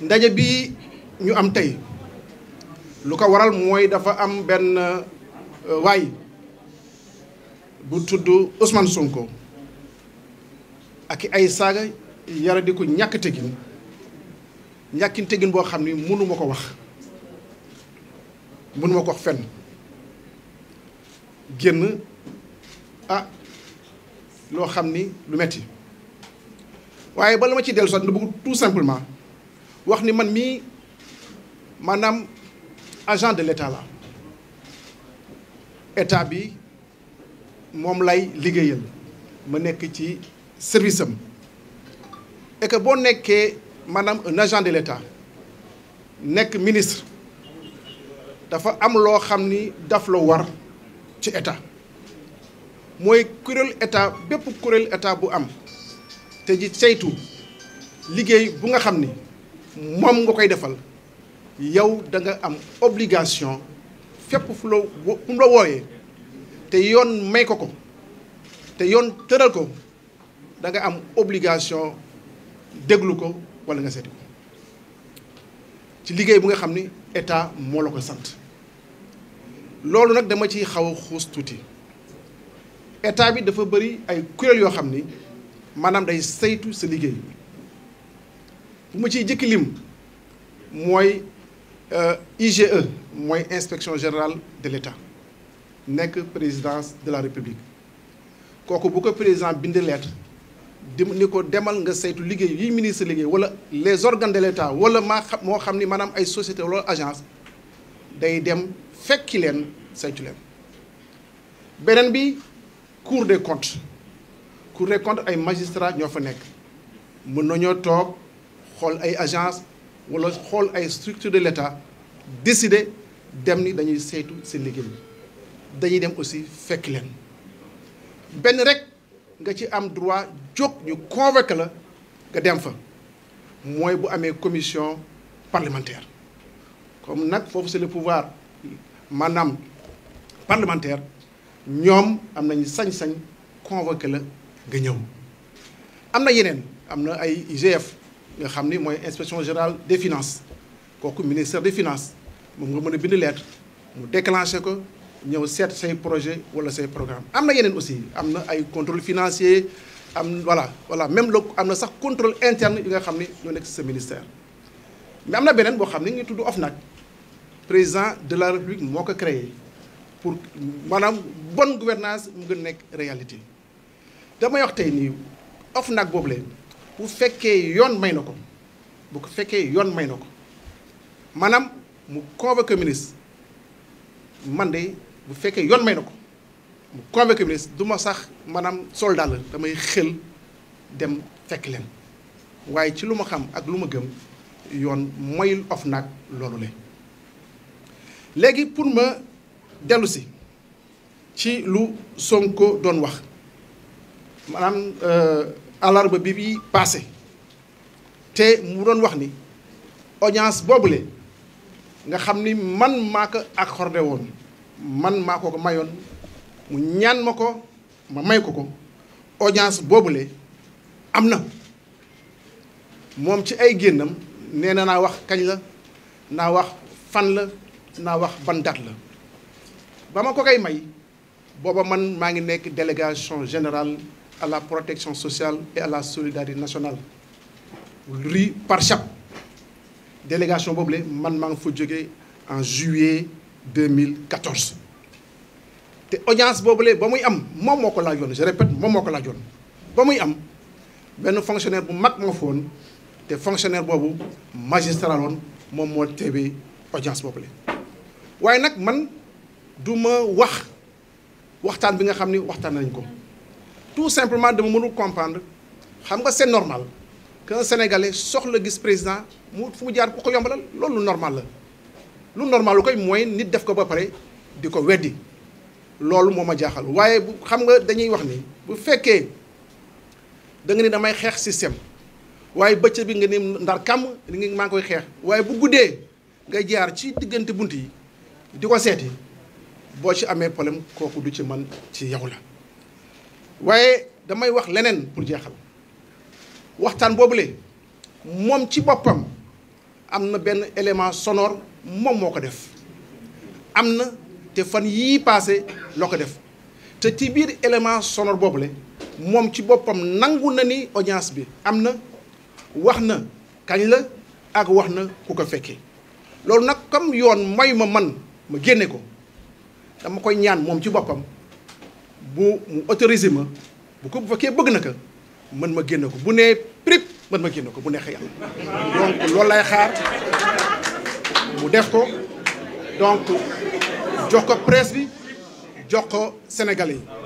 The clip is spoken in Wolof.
ndaje bi ñu am tey lu ko waral mooy dafa am benn euh, waay bu tudd Ousmane Sonko ak ay saaga yara di ko ñàkk tegin ñàkkin tegin boo xam ni mënu ma ko wax mënu ko fenn génn ah loo xam ni lu metti waaye ba la ma ciy dellu soit na bëgg tout simplement wax ni man mii maanaam agent de l'état la état bi moom lay liggéeyal ma nekk ci service am et boo nekkee maanaam un agent de l'État nekk ministre dafa am loo xam ni daf la war ci état mooy kuréel état bépp kuréel état bu am te ji saytu liggéey bu nga xam ni moom nga koy defal yow danga am obligation fépp fu la fu mu la wooyee te yoon may ko ko te yoon tëral ko da nga am obligation déglu ko wala nga seeti ko ci liggéey bu nga xam ni état moo la ko sant loolu nag dama ciy xaw a xuus tuuti état bi dafa bëri ay kuréel yoo xam ni maanaam day saytu sa liggéey bu ma ciy jëkki lim mooy euh, IGE mooy inspection générale de l'État nekk présidence de la République kooku bu ko président bind lettre ni ko demal nga saytu liggéey yi ministre liggéey wala les organes de l'État wala maa xam moo xam ni maanaam ay société wala agence day dem fekki leen saytu leen beneen bi cour des comptes cour des comptes ay magistrats ñoo fa nekk mën nañoo toog xool ay agence wala xool ay structure de l'État décider dem ni dañuy saytu seen liggéey dañuy dem aussi fekk leen benn rek nga ci am droit jóg ñu convoqué la nga dem fa mooy bu amee commission parlementaire comme nag foofu c'est le pouvoir maanaam parlementaire ñoom am nañu sañ-sañ convoqué la nga ñëw am na yeneen am na ay IGF nga xam ni mooy inspection générale des finances kooku ministère de finance moom nga mën a bind lettre mu déclenché ko ñëw seet say projet wala say programme am na yeneen aussi am na ay contrôle financier am voilà voilà même le am na sax contrôle interne yi nga xam ni ñoo nekk sa ministère mais am na beneen boo xam ne ngi tudd nag président de la république moo ko créé pour maanaam bon gouvernance mu gën nekk réalité damay wax tey nii OFNAC boobu leen bu fekkee yoon may na ko bu ko fekkee yoon may na ko maanaam mu convoqué ministre man de bu fekkee yoon may na ko mu convaincu ministre sax maanaam soldat la damay xel dem fekk leen waaye ci lu ma xam ak lu ma gëm yoon mooy of nag loolu la léegi pour ma dellu si ci lu Sonko doon wax maanaam alarba euh, bi bi passé te mu doon wax ni audience boobule nga xam ni man maa ko accordé woon man maa ko ko mayoon mu ñaan ma ko ma may ko ko audience boobule am na moom ci ay génnam nee na naa wax kañ la naa wax fan la naa wax ban la ba ma ko koy may booba man maa ngi nekk délégation général à la protection sociale et à la solidarité nationale ri par chap délégation boobule man maa ngi fa jóge en juillet 2014 te audience boobule ba muy am moom moo ko laajoon je répète moom moo ko laajoon ba muy am benn fonctionnaire bu mag moo foon te fonctionnaire boobu magistrat loon moom moo teewee audience boobule. waaye nag man du ma wax waxtaan bi nga xam ni waxtaan nañ ko tout simplement dama mënul comprendre xam nga seen normal qu'un Sénégalais soxla gis président mu fu mu jaar ku ko yombalal loolu normal la. lu normal lu koy mooy nit def ko ba pare di ko weddi loolu moom ma jaaxal waaye bu xam nga dañuy wax nii bu fekkee danga nga damay xeex système waaye bëccëg bi nga ni ndar kàmm li nga maa ngi koy xeex waaye bu guddee nga jaar ci diggante bunt yi di ko seeti boo ci amee problème kooku du ci man ci yow la waaye damay wax leneen pour jeexal waxtaan boobu boobule moom ci boppam am na benn élément sonor moom moo ko def am na te fan yii passé loo ko def te ci biir élément sonore boobule moom ci boppam nangu na ni audience bi am na wax na kañ la ak wax na ku ko fekkee loolu nag comme yoon may ma man ma génne ko dama koy ñaan moom ci boppam bu mu autorisé ma bu ko bu fekkee bëgg na ko mën ma génne ko bu nee prip mën ma génne ko bu neexee yàlla donc loolu lay xaar. mu def ko donc jox ko presse bi jox ko sénégal yi